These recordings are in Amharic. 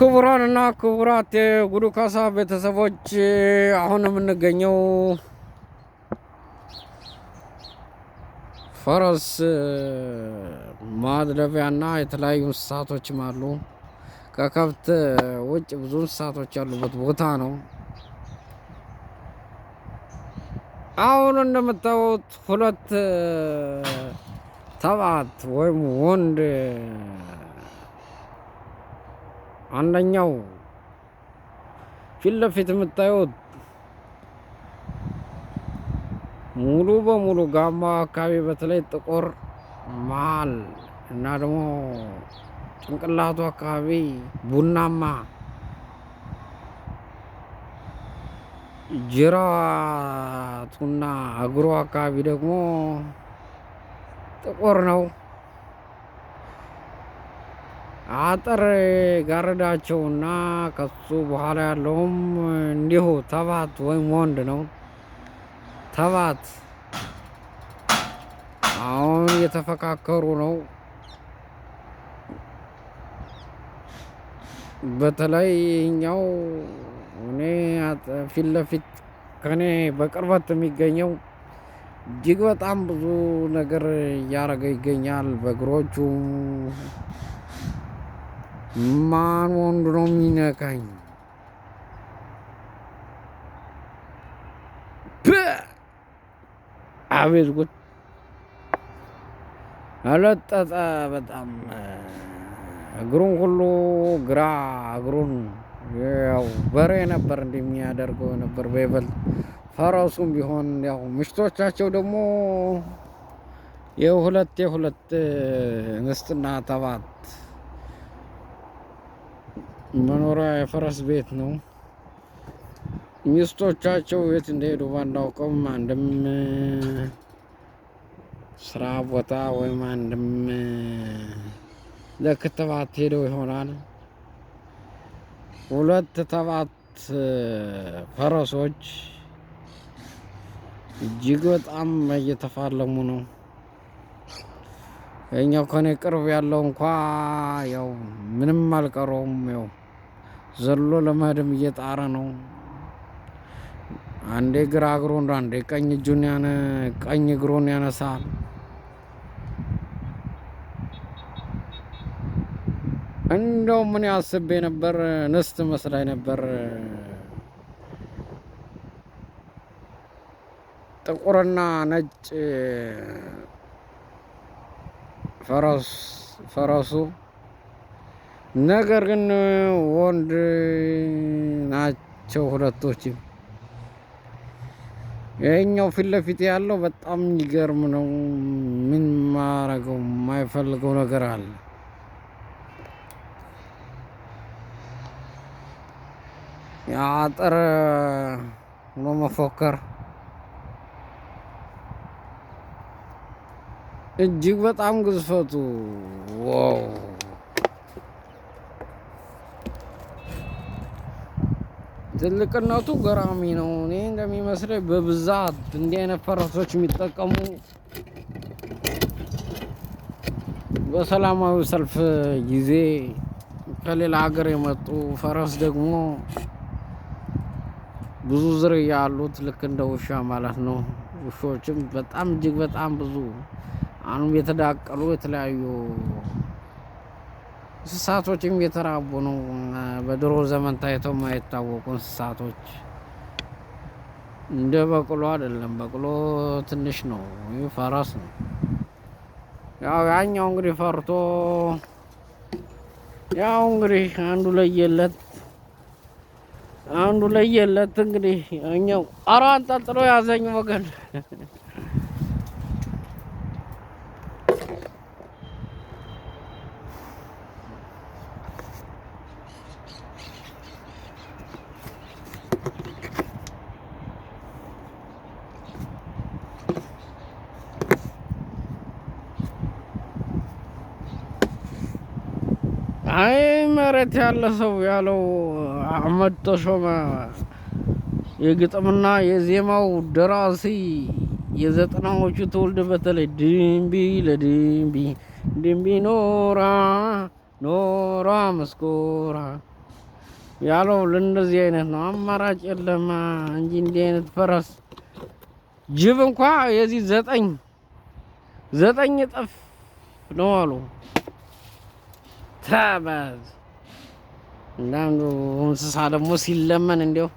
ክቡራንና ክቡራት የጉዱ ካሳ ቤተሰቦች አሁን የምንገኘው ፈረስ ማድለቢያና የተለያዩ እንስሳቶችም አሉ። ከከብት ውጭ ብዙ እንስሳቶች ያሉበት ቦታ ነው። አሁን እንደምታዩት ሁለት ተባት ወይም ወንድ አንደኛው ፊት ለፊት የምታዩት ሙሉ በሙሉ ጋማ አካባቢ በተለይ ጥቁር መሀል እና ደግሞ ጭንቅላቱ አካባቢ ቡናማ ጅራቱና እግሩ አካባቢ ደግሞ ጥቁር ነው። አጥር ጋረዳቸውና ከሱ በኋላ ያለውም እንዲሁ ተባት ወይም ወንድ ነው። ተባት አሁን እየተፈካከሩ ነው። በተለይ እኛው እኔ ፊት ለፊት ከኔ በቅርበት የሚገኘው እጅግ በጣም ብዙ ነገር እያደረገ ይገኛል በእግሮቹ ማን ወንድ ነው የሚነካኝ? አቤት ጉድ አለጠጠ። በጣም እግሩን ሁሉ ግራ እግሩን ያው በሬ ነበር እንደሚያደርገው ነበር። በይበልጥ ፈረሱም ቢሆን ያው ምሽቶቻቸው ደግሞ የሁለት የሁለት እንስትና ተባት መኖሪያ የፈረስ ቤት ነው። ሚስቶቻቸው የት እንደሄዱ ባናውቀውም አንድም ስራ ቦታ ወይም አንድም ለክትባት ሄደው ይሆናል። ሁለት ተባት ፈረሶች እጅግ በጣም እየተፋለሙ ነው። እኛው ከኔ ቅርብ ያለው እንኳ ያው ምንም አልቀረውም ያው ዘሎ ለማደም እየጣረ ነው። አንዴ ግራ እግሩን አንዴ ቀኝ እጁን ያነ ቀኝ እግሩን ያነሳል። እንደው ምን ያስቤ ነበር ንስት መስላይ ነበር። ጥቁርና ነጭ ፈረስ ፈረሱ ነገር ግን ወንድ ናቸው ሁለቶችም። ይህኛው ፊት ለፊት ያለው በጣም ይገርም ነው። ምን ማረገው የማይፈልገው ነገር አለ። የአጥር ብሎ መፎከር እጅግ በጣም ግዝፈቱ ዋው ትልቅነቱ ገራሚ ነው። እኔ እንደሚመስለኝ በብዛት እንዲህ አይነት ፈረሶች የሚጠቀሙ በሰላማዊ ሰልፍ ጊዜ ከሌላ ሀገር የመጡ ፈረስ ደግሞ ብዙ ዝርያ ያሉት ልክ እንደ ውሻ ማለት ነው። ውሾችም በጣም እጅግ በጣም ብዙ አሁንም የተዳቀሉ የተለያዩ እንስሳቶችም እየተራቡ ነው። በድሮ ዘመን ታይተው የማይታወቁ እንስሳቶች እንደ በቅሎ አይደለም። በቅሎ ትንሽ ነው፣ ፈረስ ነው። ያው ያኛው እንግዲህ ፈርቶ ያው እንግዲህ አንዱ ለየለት አንዱ ለየለት እንግዲህ እኛው ኧረ አንጠልጥሎ ያዘኝ ወገን መሬት ያለ ሰው ያለው አህመድ ተሾመ የግጥምና የዜማው ደራሲ የዘጠናዎቹ ትውልድ በተለይ ድምቢ ለድንቢ ድምቢ ኖራ ኖራ መስኮራ ያለው ለእንደዚህ አይነት ነው። አማራጭ የለም እንጂ እንዲህ አይነት ፈረስ ጅብ እንኳ የዚህ ዘጠኝ ዘጠኝ እጥፍ ነው አሉ ተበዝ እንዳንዱ እንስሳ ደግሞ ሲለመን እንዲያው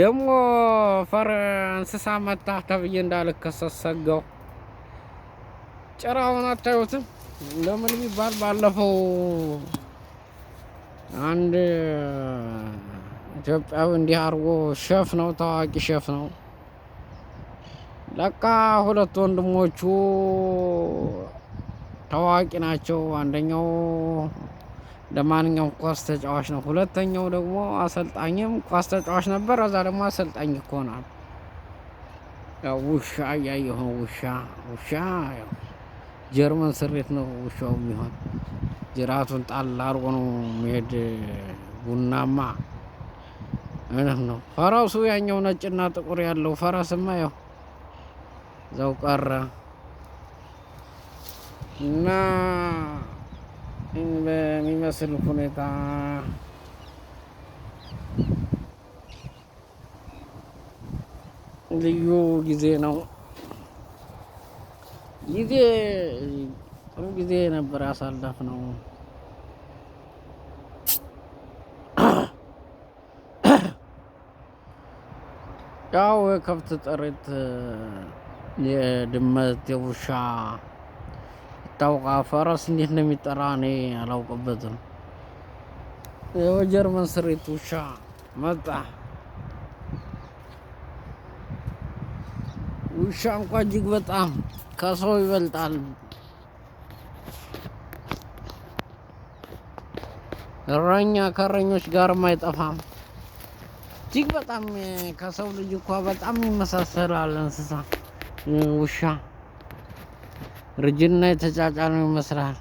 ደግሞ ፈር እንስሳ መታ ተብዬ እንዳልከሰስ ሰጋው ጭራውን አታዩትም። ለምን የሚባል ባለፈው አንድ ኢትዮጵያዊ እንዲህ አድርጎ ሼፍ ነው፣ ታዋቂ ሼፍ ነው። ለካ ሁለት ወንድሞቹ ታዋቂ ናቸው። አንደኛው ለማንኛውም ኳስ ተጫዋች ነው። ሁለተኛው ደግሞ አሰልጣኝም ኳስ ተጫዋች ነበር። እዛ ደግሞ አሰልጣኝ ይኮናል። ውሻ እያየሁ ነው። ውሻ ውሻ ጀርመን ስሬት ነው ውሻው የሚሆን ጅራቱን ጣል አድርጎ ነው መሄድ። ቡናማ አይነት ነው ፈረሱ። ያኛው ነጭና ጥቁር ያለው ፈረስማ ያው እዛው ቀረ። لا إن بميمس الخنطة ልዩ ጊዜ ነው። ጊዜ ጥሩ ጊዜ ነበር ያሳለፍ ነው። ያው የከብት ጥሪት፣ የድመት፣ የውሻ ታውቃ ፈረስ እንዴት እንደሚጠራ እኔ አላውቅበትም። የጀርመን ስሪት ውሻ መጣ። ውሻ እንኳ እጅግ በጣም ከሰው ይበልጣል። እረኛ ከእረኞች ጋርም አይጠፋም። እጅግ በጣም ከሰው ልጅ እንኳ በጣም ይመሳሰላል እንስሳ ውሻ እርጅና የተጫጫነው ይመስላል።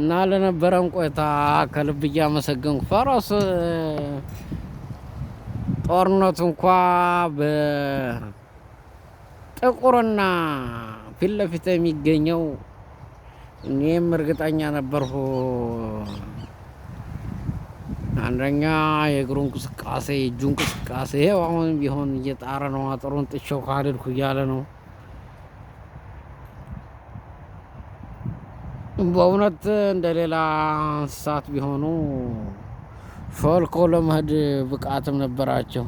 እና ለነበረን ቆይታ ከልብ እያመሰገንኩ ፈረስ ጦርነቱ እንኳ በጥቁርና ፊት ለፊት የሚገኘው እኔም እርግጠኛ ነበርሁ። አንደኛ የእግሩ እንቅስቃሴ የእጁ እንቅስቃሴ አሁን ቢሆን እየጣረ ነው። አጥሩን ጥቼው ካደድኩ እያለ ነው። በእውነት እንደ ሌላ እንስሳት ቢሆኑ ፈልኮ ለመሄድ ብቃትም ነበራቸው።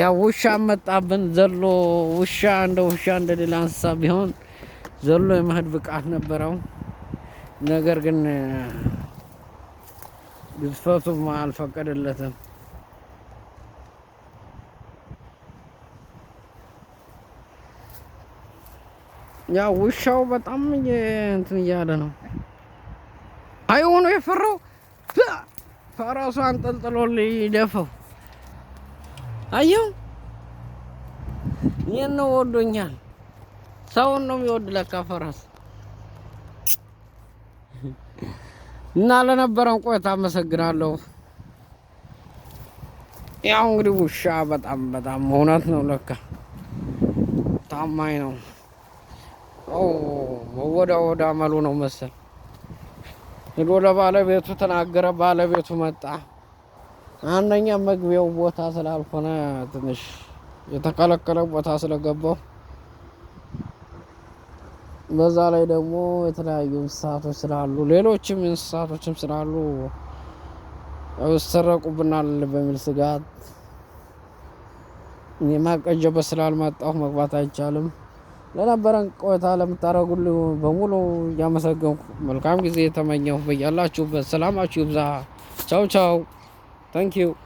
ያ ውሻ መጣብን ዘሎ ውሻ እንደ ውሻ እንደ ሌላ እንስሳ ቢሆን ዘሎ የመሄድ ብቃት ነበረው። ነገር ግን ግዝፈቱም አልፈቀደለትም። ያ ውሻው በጣም እንትን እያለ ነው። አይሆኑ የፈራው ፈረሱ አንጠልጥሎ ሊደፈው አየው ይህን ነው ወዶኛል። ሰውን ነው የሚወድ ለካ ፈረስ። እና ለነበረን ቆይታ አመሰግናለሁ። ያው እንግዲህ ውሻ በጣም በጣም እውነት ነው ለካ ታማኝ ነው። ወዳ ወዳ መሉ ነው መሰል ሄዶ ለባለቤቱ ተናገረ። ባለቤቱ መጣ። አንደኛ መግቢያው ቦታ ስላልሆነ ትንሽ የተከለከለ ቦታ ስለገባው በዛ ላይ ደግሞ የተለያዩ እንስሳቶች ስላሉ ሌሎችም እንስሳቶችም ስላሉ ሰረቁብናል በሚል ስጋት የማቀጀበት ስላልመጣሁ መግባት አይቻልም። ለነበረን ቆይታ ለምታደረጉል በሙሉ እያመሰገንኩ መልካም ጊዜ የተመኘሁ በያላችሁበት ሰላማችሁ ይብዛ። ቻው ቻው። Thank you.